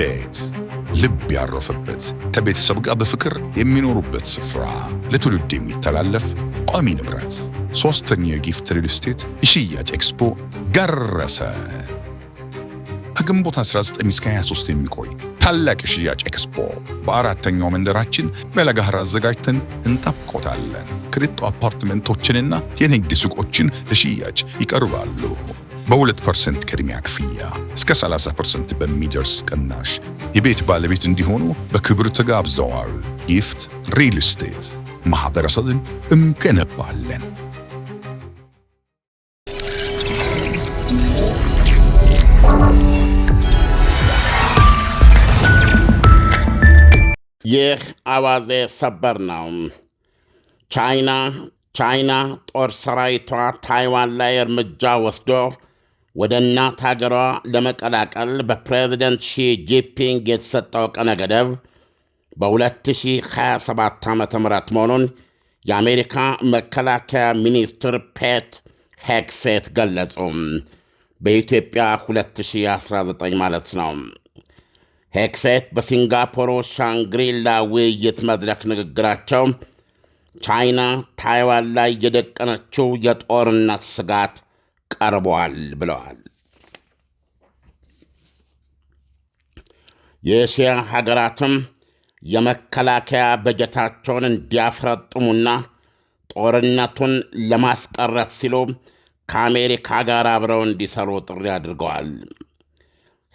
ቤት ልብ ያረፈበት ከቤተሰብ ጋር በፍቅር የሚኖሩበት ስፍራ ለትውልድ የሚተላለፍ ቋሚ ንብረት። ሶስተኛው የጊፍት ሪል ስቴት የሽያጭ ኤክስፖ ደረሰ። ከግንቦት 19 እስከ 23 የሚቆይ ታላቅ የሽያጭ ኤክስፖ በአራተኛው መንደራችን በለጋህር አዘጋጅተን እንጠብቆታለን። ክሪቶ አፓርትመንቶችንና የንግድ ሱቆችን ለሽያጭ ይቀርባሉ። በ2 ፐርሰንት ቅድሚያ ክፍያ እስከ 30 ፐርሰንት በሚደርስ ቅናሽ የቤት ባለቤት እንዲሆኑ በክብር ተጋብዘዋል። ጊፍት ሪል ስቴት ማህበረሰብን እንገነባለን። ይህ አዋዜ ሰበር ነው። ቻይና ቻይና ጦር ሰራዊቷ ታይዋን ላይ እርምጃ ወስዶ ወደ እናት አገሯ ለመቀላቀል በፕሬዝደንት ሺ ጂፒንግ የተሰጠው ቀነ ገደብ በ2027 ዓ ም መሆኑን የአሜሪካ መከላከያ ሚኒስትር ፔት ሄክሴት ገለጹ። በኢትዮጵያ 2019 ማለት ነው። ሄክሴት በሲንጋፖሩ ሻንግሪላ ውይይት መድረክ ንግግራቸው ቻይና ታይዋን ላይ የደቀነችው የጦርነት ስጋት ቀርበዋል ብለዋል። የእስያ ሀገራትም የመከላከያ በጀታቸውን እንዲያፍረጥሙና ጦርነቱን ለማስቀረት ሲሉ ከአሜሪካ ጋር አብረው እንዲሰሩ ጥሪ አድርገዋል።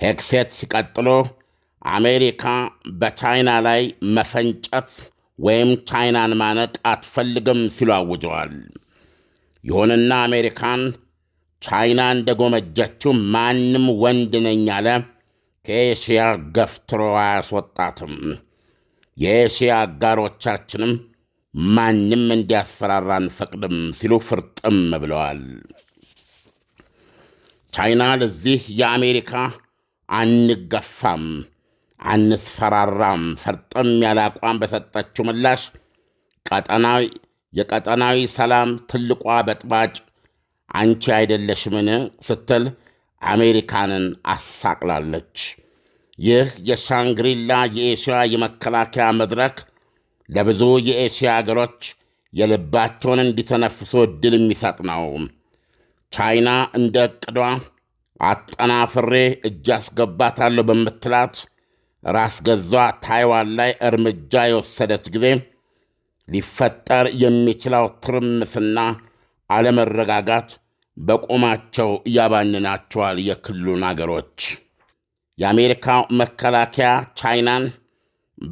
ሄክሴት ሲቀጥሎ አሜሪካ በቻይና ላይ መፈንጨት ወይም ቻይናን ማነቅ አትፈልግም ሲሉ አውጀዋል። ይሁንና አሜሪካን ቻይና እንደ ጎመጀችው ማንም ወንድ ነኝ አለ ከኤሽያ ገፍትሮ አያስወጣትም። የኤሽያ አጋሮቻችንም ማንም እንዲያስፈራራ አንፈቅድም ሲሉ ፍርጥም ብለዋል። ቻይና ለዚህ የአሜሪካ አንገፋም፣ አንስፈራራም ፈርጥም ያለ አቋም በሰጠችው ምላሽ ቀጠናዊ የቀጠናዊ ሰላም ትልቋ በጥባጭ አንቺ አይደለሽምን ስትል አሜሪካንን አሳቅላለች። ይህ የሻንግሪላ የኤሽያ የመከላከያ መድረክ ለብዙ የኤሽያ አገሮች የልባቸውን እንዲተነፍሱ ዕድል የሚሰጥ ነው። ቻይና እንደ ዕቅዷ አጠናፍሬ እጅ አስገባታለሁ በምትላት ራስ ገዟ ታይዋን ላይ እርምጃ የወሰደች ጊዜ ሊፈጠር የሚችለው ትርምስና አለመረጋጋት በቁማቸው ያባንናቸዋል የክልሉን አገሮች። የአሜሪካው መከላከያ ቻይናን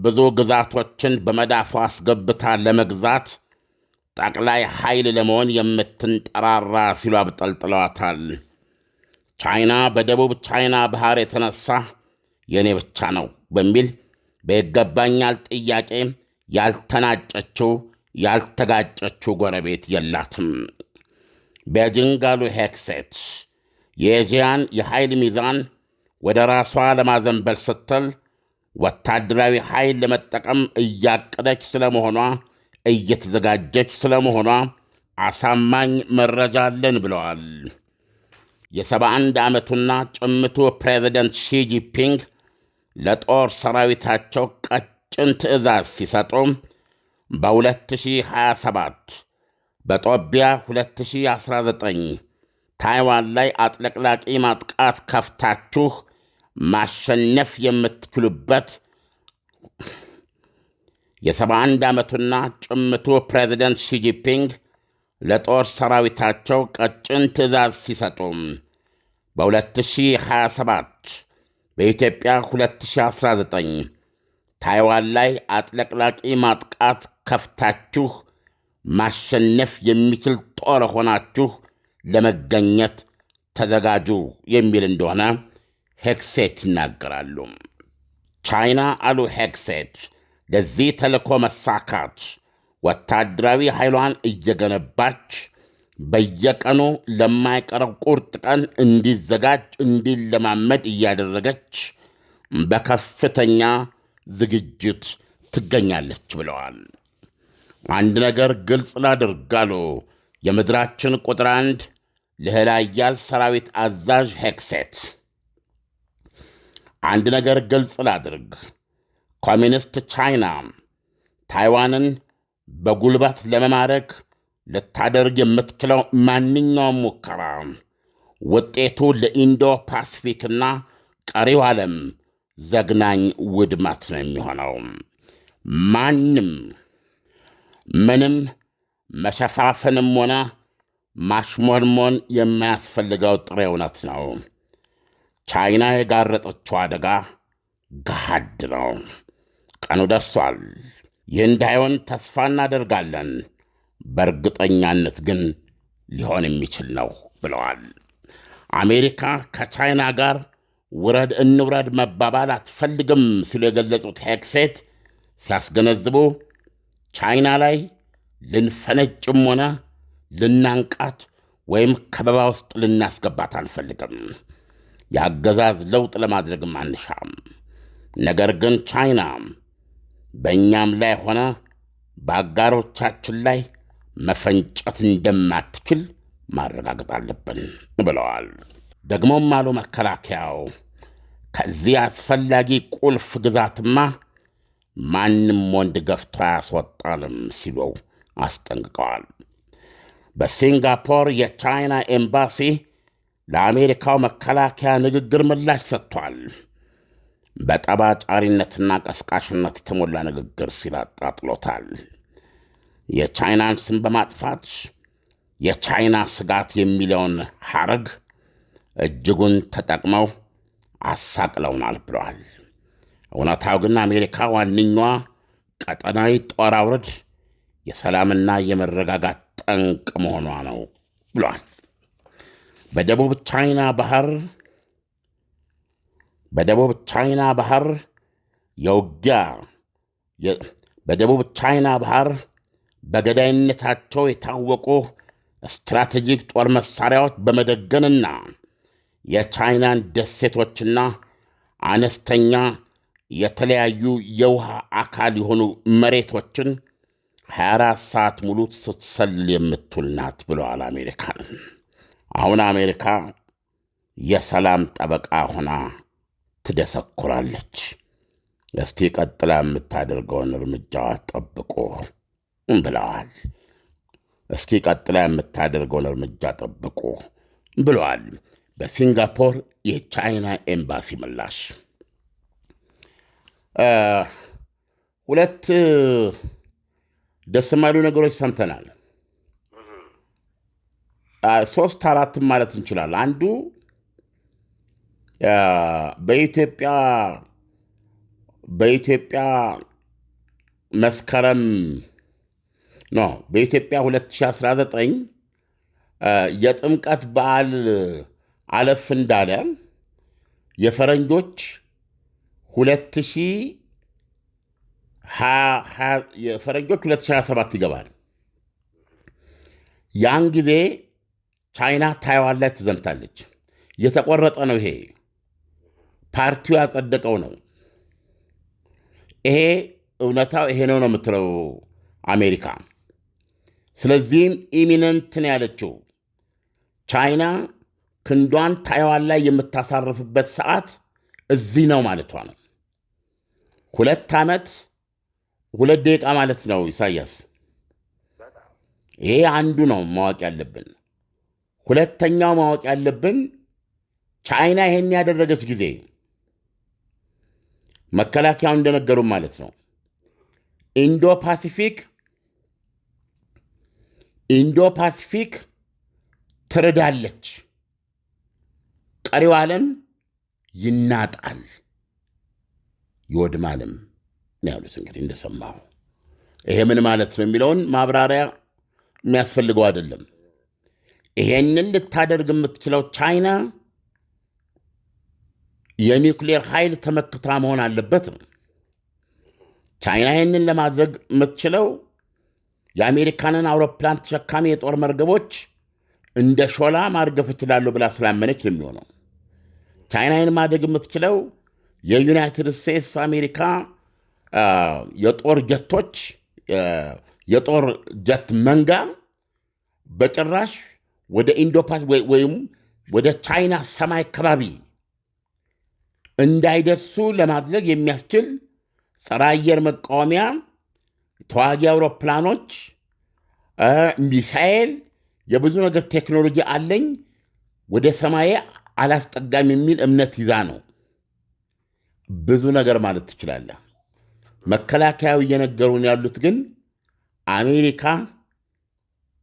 ብዙ ግዛቶችን በመዳፉ አስገብታ ለመግዛት ጠቅላይ ኃይል ለመሆን የምትንጠራራ ሲሉ አብጠልጥለዋታል። ቻይና በደቡብ ቻይና ባህር የተነሳ የእኔ ብቻ ነው በሚል በይገባኛል ጥያቄ ያልተናጨችው ያልተጋጨችው ጎረቤት የላትም። በጅንጋሉ ሄክሴት የኤዥያን የኃይል ሚዛን ወደ ራሷ ለማዘንበል ስትል ወታደራዊ ኃይል ለመጠቀም እያቀደች ስለመሆኗ እየተዘጋጀች ስለመሆኗ አሳማኝ መረጃ አለን ብለዋል። የ71 ዓመቱና ጭምቱ ፕሬዚደንት ሺጂፒንግ ለጦር ሰራዊታቸው ቀጭን ትዕዛዝ ሲሰጡ በ2027 በጦቢያ 2019 ታይዋን ላይ አጥለቅላቂ ማጥቃት ከፍታችሁ ማሸነፍ የምትችሉበት የ71 ዓመቱና ጭምቱ ፕሬዚደንት ሺጂፒንግ ለጦር ሰራዊታቸው ቀጭን ትዕዛዝ ሲሰጡ በ2027 በኢትዮጵያ 2019 ታይዋን ላይ አጥለቅላቂ ማጥቃት ከፍታችሁ ማሸነፍ የሚችል ጦር ሆናችሁ ለመገኘት ተዘጋጁ የሚል እንደሆነ ሄክሴት ይናገራሉ። ቻይና አሉ ሄክሴት ለዚህ ተልእኮ መሳካት ወታደራዊ ኃይሏን እየገነባች በየቀኑ ለማይቀረው ቁርጥ ቀን እንዲዘጋጅ እንዲለማመድ እያደረገች በከፍተኛ ዝግጅት ትገኛለች ብለዋል። አንድ ነገር ግልጽ ላድርግ አሉ የምድራችን ቁጥር አንድ ልህላያል ሰራዊት አዛዥ ሄክሴት። አንድ ነገር ግልጽ ላድርግ፣ ኮሚኒስት ቻይና ታይዋንን በጉልበት ለመማረክ ልታደርግ የምትችለው ማንኛውም ሙከራ ውጤቱ ለኢንዶ ፓስፊክና ቀሪው ዓለም ዘግናኝ ውድመት ነው የሚሆነው ማንም ምንም መሸፋፈንም ሆነ ማሽሞንሞን የማያስፈልገው ጥሬ እውነት ነው። ቻይና የጋረጠችው አደጋ ገሃድ ነው። ቀኑ ደርሷል። ይህ እንዳይሆን ተስፋ እናደርጋለን። በእርግጠኛነት ግን ሊሆን የሚችል ነው ብለዋል። አሜሪካ ከቻይና ጋር ውረድ እንውረድ መባባል አትፈልግም ሲሉ የገለጹት ሄክሴት ሲያስገነዝቡ ቻይና ላይ ልንፈነጭም ሆነ ልናንቃት ወይም ከበባ ውስጥ ልናስገባት አንፈልግም። የአገዛዝ ለውጥ ለማድረግም አንሻም። ነገር ግን ቻይና በእኛም ላይ ሆነ በአጋሮቻችን ላይ መፈንጨት እንደማትችል ማረጋገጥ አለብን ብለዋል። ደግሞም አሉ መከላከያው ከዚህ አስፈላጊ ቁልፍ ግዛትማ ማንም ወንድ ገፍቶ አያስወጣንም ሲለው አስጠንቅቀዋል። በሲንጋፖር የቻይና ኤምባሲ ለአሜሪካው መከላከያ ንግግር ምላሽ ሰጥቷል። በጠባጫሪነትና ቀስቃሽነት የተሞላ ንግግር ሲል አጣጥሎታል። የቻይናን ስም በማጥፋት የቻይና ስጋት የሚለውን ሐረግ እጅጉን ተጠቅመው አሳቅለውናል ብለዋል። እውነታው ግን አሜሪካ ዋነኛዋ ቀጠናዊ ጦር አውረድ የሰላምና የመረጋጋት ጠንቅ መሆኗ ነው ብሏል። በደቡብ ቻይና ባህር በደቡብ ቻይና ባህር የውጊያ በደቡብ ቻይና ባህር በገዳይነታቸው የታወቁ ስትራቴጂክ ጦር መሳሪያዎች በመደገንና የቻይናን ደሴቶችና አነስተኛ የተለያዩ የውሃ አካል የሆኑ መሬቶችን 24 ሰዓት ሙሉ ስትሰልል የምትውል ናት ብለዋል አሜሪካን። አሁን አሜሪካ የሰላም ጠበቃ ሆና ትደሰኩራለች። እስቲ ቀጥላ የምታደርገውን እርምጃዋ ጠብቆ ብለዋል። እስኪ ቀጥላ የምታደርገውን እርምጃ ጠብቆ ብለዋል። በሲንጋፖር የቻይና ኤምባሲ ምላሽ ሁለት ደስ የማይሉ ነገሮች ሰምተናል። ሶስት አራትም ማለት እንችላለን። አንዱ በኢትዮጵያ በኢትዮጵያ መስከረም ኖ በኢትዮጵያ 2019 የጥምቀት በዓል አለፍ እንዳለ የፈረንጆች ሁለት ሺህ የፈረንጆች 2027 ይገባል። ያን ጊዜ ቻይና ታይዋን ላይ ትዘምታለች። የተቆረጠ ነው። ይሄ ፓርቲው ያጸደቀው ነው። ይሄ እውነታው ይሄ ነው ነው የምትለው አሜሪካ። ስለዚህም ኢሚነንት ነው ያለችው ቻይና ክንዷን ታይዋን ላይ የምታሳርፍበት ሰዓት እዚህ ነው ማለቷ ነው። ሁለት ዓመት ሁለት ደቂቃ ማለት ነው ኢሳያስ። ይሄ አንዱ ነው ማወቅ ያለብን። ሁለተኛው ማወቅ ያለብን ቻይና ይሄን ያደረገች ጊዜ መከላከያው እንደነገሩ ማለት ነው ኢንዶ ፓሲፊክ ኢንዶ ፓሲፊክ ትርዳለች፣ ቀሪው ዓለም ይናጣል። ይወድማልም ነው ያሉት። እንግዲህ እንደሰማሁ ይሄ ምን ማለት ነው የሚለውን ማብራሪያ የሚያስፈልገው አይደለም። ይሄንን ልታደርግ የምትችለው ቻይና የኒውክሌር ኃይል ተመክታ መሆን አለበትም። ቻይና ይህንን ለማድረግ የምትችለው የአሜሪካንን አውሮፕላን ተሸካሚ የጦር መርገቦች እንደ ሾላ ማርገፍ እችላለሁ ብላ ስላመነች ነው የሚሆነው። ቻይና ይህን ማድረግ የምትችለው የዩናይትድ ስቴትስ አሜሪካ የጦር ጀቶች የጦር ጀት መንጋ በጭራሽ ወደ ኢንዶፓስ ወይም ወደ ቻይና ሰማይ አካባቢ እንዳይደርሱ ለማድረግ የሚያስችል ጸረ አየር መቃወሚያ ተዋጊ አውሮፕላኖች፣ ሚሳኤል፣ የብዙ ነገር ቴክኖሎጂ አለኝ ወደ ሰማይ አላስጠጋም የሚል እምነት ይዛ ነው። ብዙ ነገር ማለት ትችላለህ። መከላከያው እየነገሩን ያሉት ግን አሜሪካ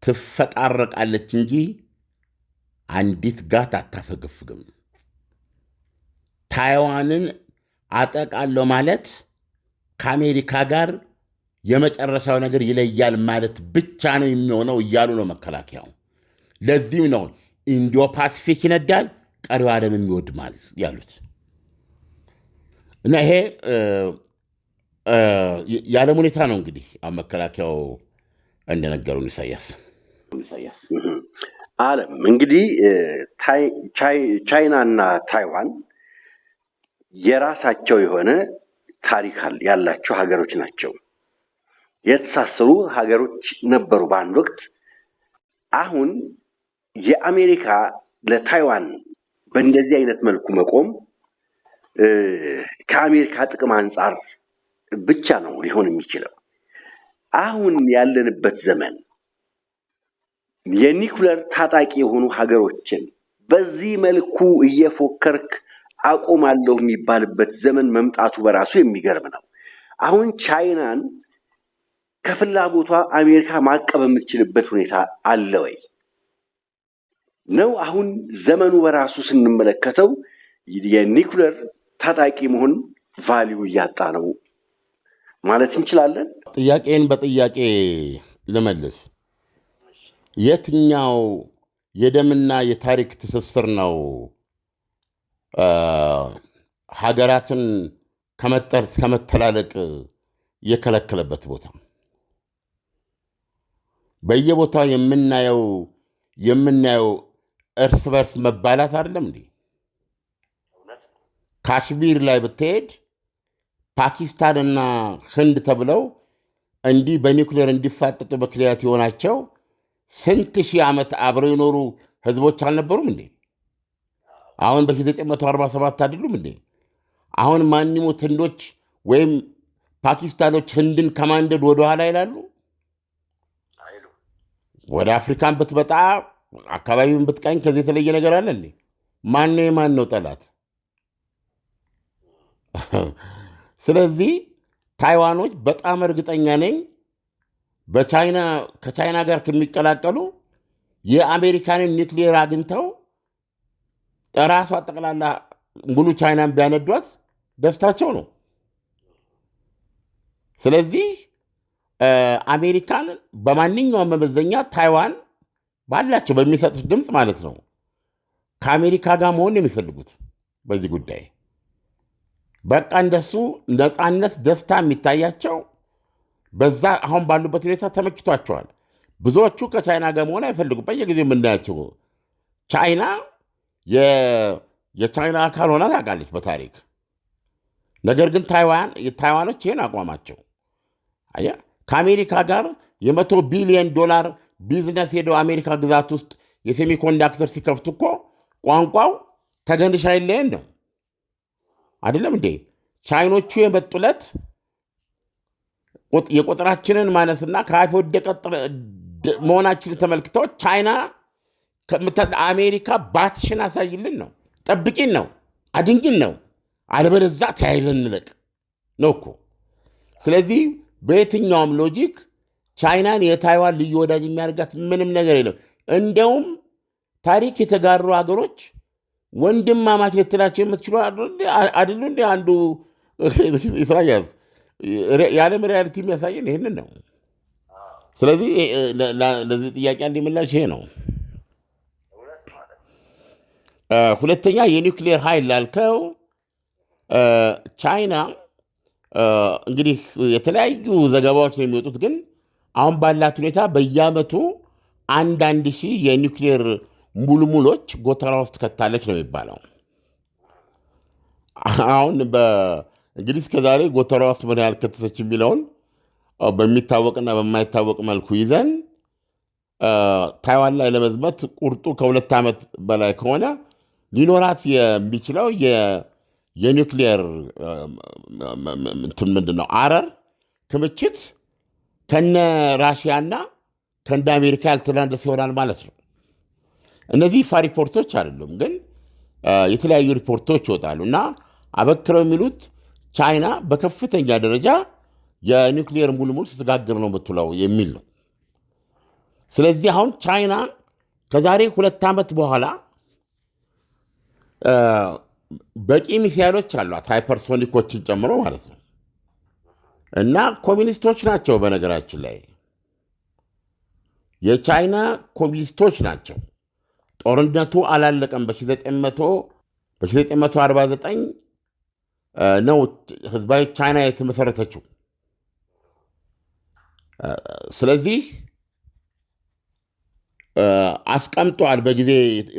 ትፈጣረቃለች እንጂ አንዲት ጋት አታፈገፍግም። ታይዋንን አጠቃለሁ ማለት ከአሜሪካ ጋር የመጨረሻው ነገር ይለያል ማለት ብቻ ነው የሚሆነው እያሉ ነው መከላከያው። ለዚህም ነው ኢንዲዮ ፓሲፊክ ይነዳል፣ ቀሪው ዓለምም ይወድማል ያሉት። እና ይሄ የዓለም ሁኔታ ነው እንግዲህ መከላከያው እንደነገሩን ኢሳያስ ዓለም እንግዲህ ቻይና እና ታይዋን የራሳቸው የሆነ ታሪክ ያላቸው ሀገሮች ናቸው። የተሳሰሩ ሀገሮች ነበሩ በአንድ ወቅት። አሁን የአሜሪካ ለታይዋን በእንደዚህ አይነት መልኩ መቆም ከአሜሪካ ጥቅም አንጻር ብቻ ነው ሊሆን የሚችለው። አሁን ያለንበት ዘመን የኒኩለር ታጣቂ የሆኑ ሀገሮችን በዚህ መልኩ እየፎከርክ አቆማለሁ የሚባልበት ዘመን መምጣቱ በራሱ የሚገርም ነው። አሁን ቻይናን ከፍላጎቷ አሜሪካ ማቀብ የምትችልበት ሁኔታ አለ ወይ ነው? አሁን ዘመኑ በራሱ ስንመለከተው የኒኩለር ታጣቂ መሆን ቫሊዩ እያጣ ነው ማለት እንችላለን። ጥያቄን በጥያቄ ልመልስ። የትኛው የደምና የታሪክ ትስስር ነው ሀገራትን ከመተላለቅ የከለከለበት ቦታ? በየቦታው የምናየው የምናየው እርስ በርስ መባላት አይደለም እንዴ? ካሽሚር ላይ ብትሄድ ፓኪስታንና ህንድ ተብለው እንዲህ በኒውክሌር እንዲፋጠጡ ምክንያት የሆናቸው ስንት ሺህ ዓመት አብረው የኖሩ ህዝቦች አልነበሩም እንዴ? አሁን በ1947 አይደሉም እንዴ? አሁን ማንሞት ህንዶች ወይም ፓኪስታኖች ህንድን ከማንደድ ወደኋላ ይላሉ? ወደ አፍሪካን ብትመጣ አካባቢውን ብትቃኝ ከዚህ የተለየ ነገር አለ እንዴ? ማነው የማን ነው ጠላት? ስለዚህ ታይዋኖች በጣም እርግጠኛ ነኝ በቻይና ከቻይና ጋር ከሚቀላቀሉ የአሜሪካንን ኒክሌር አግኝተው ራሷ ጠቅላላ ሙሉ ቻይናን ቢያነዷት ደስታቸው ነው። ስለዚህ አሜሪካን በማንኛውም መመዘኛ ታይዋን ባላቸው በሚሰጡት ድምፅ ማለት ነው ከአሜሪካ ጋር መሆን የሚፈልጉት በዚህ ጉዳይ በቃ እንደሱ ነፃነት፣ ደስታ የሚታያቸው በዛ አሁን ባሉበት ሁኔታ ተመችቷቸዋል። ብዙዎቹ ከቻይና ጋር መሆን አይፈልጉም። በየጊዜው የምናያቸው ቻይና የቻይና አካል ሆና ታውቃለች በታሪክ ነገር ግን ታይዋኖች ይህን አቋማቸው ከአሜሪካ ጋር የመቶ ቢሊዮን ዶላር ቢዝነስ ሄደው አሜሪካ ግዛት ውስጥ የሴሚኮንዳክተር ሲከፍቱ እኮ ቋንቋው ተገንሻ ይለየን ነው። አይደለም እንዴ? ቻይኖቹ የመጡለት የቁጥራችንን ማነስና ከአፍ ወደቀ መሆናችንን ተመልክተው ቻይና አሜሪካ ባትሽን አሳይልን ነው፣ ጠብቂን ነው፣ አድንጊን ነው፣ አለበለዛ ተያይዘን እንለቅ ነው እኮ። ስለዚህ በየትኛውም ሎጂክ ቻይናን የታይዋን ልዩ ወዳጅ የሚያደርጋት ምንም ነገር የለም። እንደውም ታሪክ የተጋሩ ሀገሮች ወንድማማች ልትላቸው የምትችሉ አይደሉ? እንዲ አንዱ ኢሳያስ የዓለም ሪያሊቲ የሚያሳየን ይህንን ነው። ስለዚህ ለዚህ ጥያቄ አንድ ምላሽ ይሄ ነው። ሁለተኛ የኒውክሌር ኃይል ላልከው ቻይና እንግዲህ የተለያዩ ዘገባዎች ነው የሚወጡት፣ ግን አሁን ባላት ሁኔታ በየዓመቱ አንዳንድ ሺህ የኒውክሌር ሙልሙሎች ጎተራ ውስጥ ከታለች ነው የሚባለው። አሁን እንግዲህ እስከዛሬ ጎተራ ውስጥ ምን ያህል ከተተች የሚለውን በሚታወቅና በማይታወቅ መልኩ ይዘን ታይዋን ላይ ለመዝመት ቁርጡ ከሁለት ዓመት በላይ ከሆነ ሊኖራት የሚችለው የኒውክሊየር እንትን ምንድን ነው አረር ክምችት ከነ ራሽያና ከእንደ አሜሪካ ያልተላንደሰ ይሆናል ማለት ነው። እነዚህ ይፋ ሪፖርቶች አይደሉም፣ ግን የተለያዩ ሪፖርቶች ይወጣሉ እና አበክረው የሚሉት ቻይና በከፍተኛ ደረጃ የኒውክሊየር ሙልሙል ስትጋግር ነው የምትውለው የሚል ነው። ስለዚህ አሁን ቻይና ከዛሬ ሁለት ዓመት በኋላ በቂ ሚሳይሎች አሏት ሃይፐርሶኒኮችን ጨምሮ ማለት ነው። እና ኮሚኒስቶች ናቸው በነገራችን ላይ የቻይና ኮሚኒስቶች ናቸው። ጦርነቱ አላለቀም። በ1949 ነው ህዝባዊ ቻይና የተመሰረተችው። ስለዚህ አስቀምጧል። በጊዜ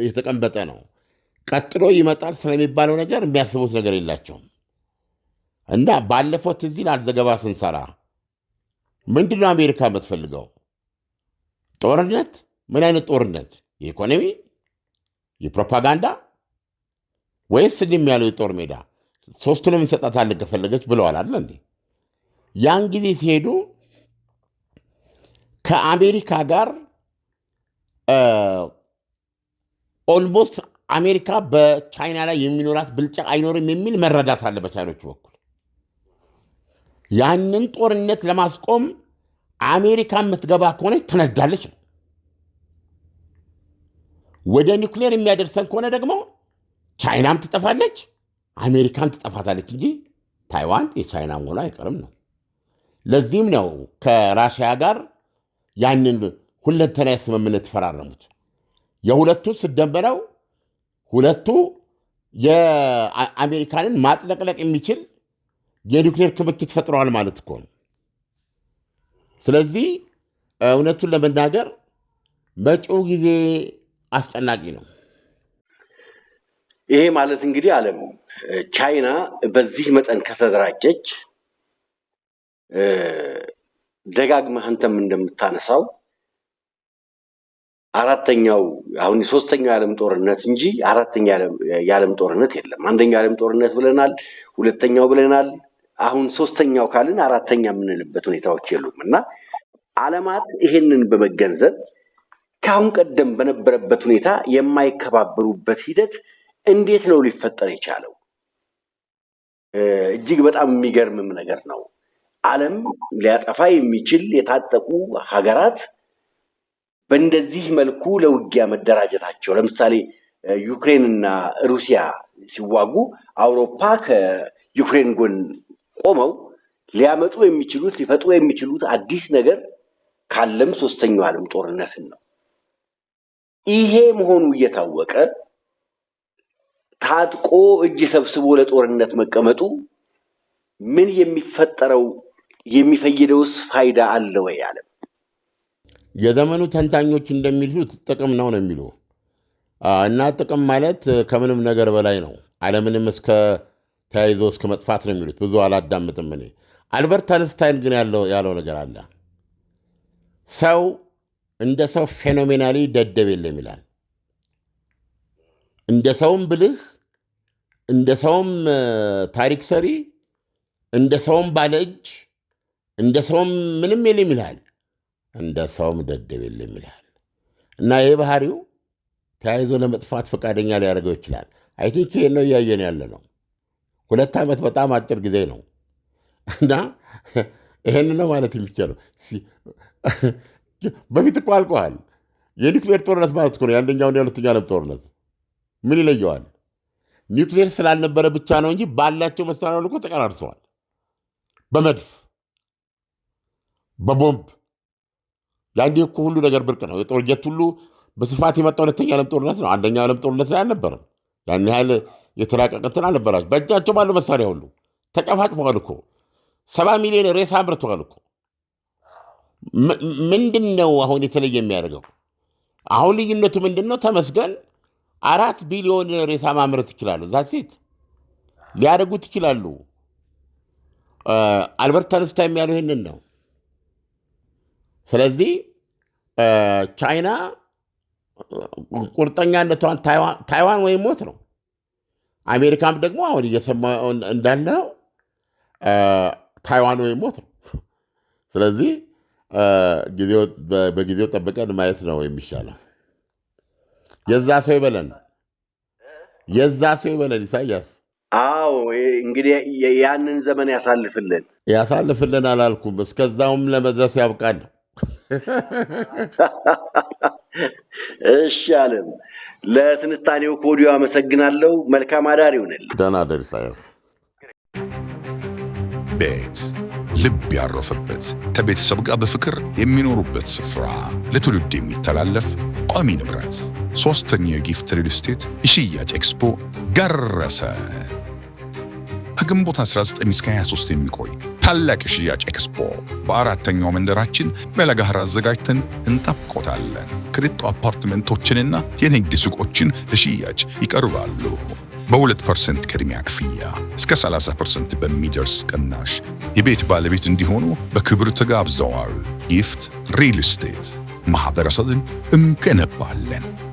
የተቀመጠ ነው። ቀጥሎ ይመጣል ስለሚባለው ነገር የሚያስቡት ነገር የላቸውም። እና ባለፈው ትዝ ይላል ዘገባ ስንሰራ ምንድነው አሜሪካ የምትፈልገው ጦርነት? ምን አይነት ጦርነት? የኢኮኖሚ የፕሮፓጋንዳ ወይስ እልም ያለው የጦር ሜዳ? ሶስቱንም ይሰጣታል ከፈለገች ብለዋል አለ እንዴ? ያን ጊዜ ሲሄዱ ከአሜሪካ ጋር ኦልሞስት አሜሪካ በቻይና ላይ የሚኖራት ብልጫ አይኖርም የሚል መረዳት አለ በቻይኖች በኩል። ያንን ጦርነት ለማስቆም አሜሪካ የምትገባ ከሆነች ትነዳለች ነው ወደ ኒውክሌር የሚያደርሰን ከሆነ ደግሞ ቻይናም ትጠፋለች፣ አሜሪካም ትጠፋታለች እንጂ ታይዋን የቻይና መሆኗ አይቀርም ነው። ለዚህም ነው ከራሽያ ጋር ያንን ሁለንተናዊ ስምምነት ተፈራረሙት። የሁለቱ ስደመረው ሁለቱ የአሜሪካንን ማጥለቅለቅ የሚችል የኒውክሌር ክምችት ፈጥረዋል ማለት እኮ ነው። ስለዚህ እውነቱን ለመናገር መጪው ጊዜ አስጨናቂ ነው። ይሄ ማለት እንግዲህ ዓለም ቻይና በዚህ መጠን ከተደራጀች ደጋግመህ አንተም እንደምታነሳው አራተኛው አሁን የሶስተኛው የዓለም ጦርነት እንጂ አራተኛ የዓለም ጦርነት የለም። አንደኛው የዓለም ጦርነት ብለናል፣ ሁለተኛው ብለናል። አሁን ሶስተኛው ካልን አራተኛ የምንልበት ሁኔታዎች የሉም እና ዓለማት ይሄንን በመገንዘብ ከአሁን ቀደም በነበረበት ሁኔታ የማይከባበሩበት ሂደት እንዴት ነው ሊፈጠር የቻለው? እጅግ በጣም የሚገርምም ነገር ነው። ዓለም ሊያጠፋ የሚችል የታጠቁ ሀገራት በእንደዚህ መልኩ ለውጊያ መደራጀታቸው ለምሳሌ ዩክሬንና ሩሲያ ሲዋጉ አውሮፓ ከዩክሬን ጎን ቆመው ሊያመጡ የሚችሉት ሊፈጥሩ የሚችሉት አዲስ ነገር ካለም ሶስተኛው ዓለም ጦርነትን ነው። ይሄ መሆኑ እየታወቀ ታጥቆ እጅ ሰብስቦ ለጦርነት መቀመጡ ምን የሚፈጠረው የሚፈይደውስ ፋይዳ አለ ወይ? አለ የዘመኑ ተንታኞች እንደሚሉት ጥቅም ነው ነው የሚሉ እና ጥቅም ማለት ከምንም ነገር በላይ ነው። አለምንም እስከ ተያይዞ እስከ መጥፋት ነው የሚሉት። ብዙ አላዳምጥም እኔ። አልበርት አንስታይን ግን ያለው ነገር አለ ሰው እንደ ሰው ፌኖሜናሊ ደደብ የለም ይላል። እንደ ሰውም ብልህ፣ እንደ ሰውም ታሪክ ሰሪ፣ እንደ ሰውም ባለ እጅ፣ እንደ ሰውም ምንም የለም ይላል። እንደ ሰውም ደደብ የለም ይላል እና ይህ ባህሪው ተያይዞ ለመጥፋት ፈቃደኛ ሊያደርገው ይችላል። አይ ቲንክ ይሄን ነው እያየን ያለ ነው። ሁለት ዓመት በጣም አጭር ጊዜ ነው እና ይህን ነው ማለት የሚቻለው። በፊት እኮ አልቀዋል። የኒውክሌር ጦርነት ማለት እኮ ነው የአንደኛውን የሁለተኛ ዓለም ጦርነት። ምን ይለየዋል? ኒውክሌር ስላልነበረ ብቻ ነው እንጂ ባላቸው መሳሪያ እኮ ተቀራርሰዋል። በመድፍ በቦምብ ያንዴ እኮ ሁሉ ነገር ብርቅ ነው። የጦር ጀት ሁሉ በስፋት የመጣ ሁለተኛ ዓለም ጦርነት ነው። አንደኛ ዓለም ጦርነት ላይ አልነበረም። ያን ያህል የተራቀቀትን አልነበራቸው። በእጃቸው ባለው መሳሪያ ሁሉ ተጨፋጭፈዋል እኮ ሰባ ሚሊዮን ሬሳ አምርተዋል እኮ ምንድን ነው አሁን የተለየ የሚያደርገው? አሁን ልዩነቱ ምንድን ነው? ተመስገን አራት ቢሊዮን ሬሳ ማምረት ይችላሉ። ዛሴት ሊያደርጉት ይችላሉ። አልበርት አንስታይን ያለው ይህንን ነው። ስለዚህ ቻይና ቁርጠኛነቷን ታይዋን ወይም ሞት ነው። አሜሪካም ደግሞ አሁን እየሰማ እንዳለው ታይዋን ወይም ሞት ነው። ስለዚህ በጊዜው ጠብቀን ማየት ነው የሚሻለው። የዛ ሰው ይበለን፣ የዛ ሰው ይበለን። ኢሳያስ አዎ፣ እንግዲህ ያንን ዘመን ያሳልፍልን፣ ያሳልፍልን አላልኩም። እስከዛውም ለመድረስ ያብቃል። እሺ አለም። ለትንታኔው ኮዲዮ አመሰግናለሁ። መልካም አዳር ይሆንል። ደህና ደር ኢሳያስ ቤት ልብ ያረፈበት ከቤተሰብ ጋር በፍቅር የሚኖሩበት ስፍራ ለትውልድ የሚተላለፍ ቋሚ ንብረት። ሶስተኛው የጊፍት ሪል ስቴት የሽያጭ ኤክስፖ ደረሰ። ከግንቦት 19 እስከ 23 የሚቆይ ታላቅ የሽያጭ ኤክስፖ በአራተኛው መንደራችን በለጋህር አዘጋጅተን እንጠብቆታለን። ክሪቶ አፓርትመንቶችንና የንግድ ሱቆችን ለሽያጭ ይቀርባሉ። በ2 ፐርሰንት ቅድሚያ ክፍያ እስከ 30 ፐርሰንት በሚደርስ ቅናሽ የቤት ባለቤት እንዲሆኑ በክብር ተጋብዘዋል። ጊፍት ሪል ስቴት ማህበረሰብን እንገነባለን።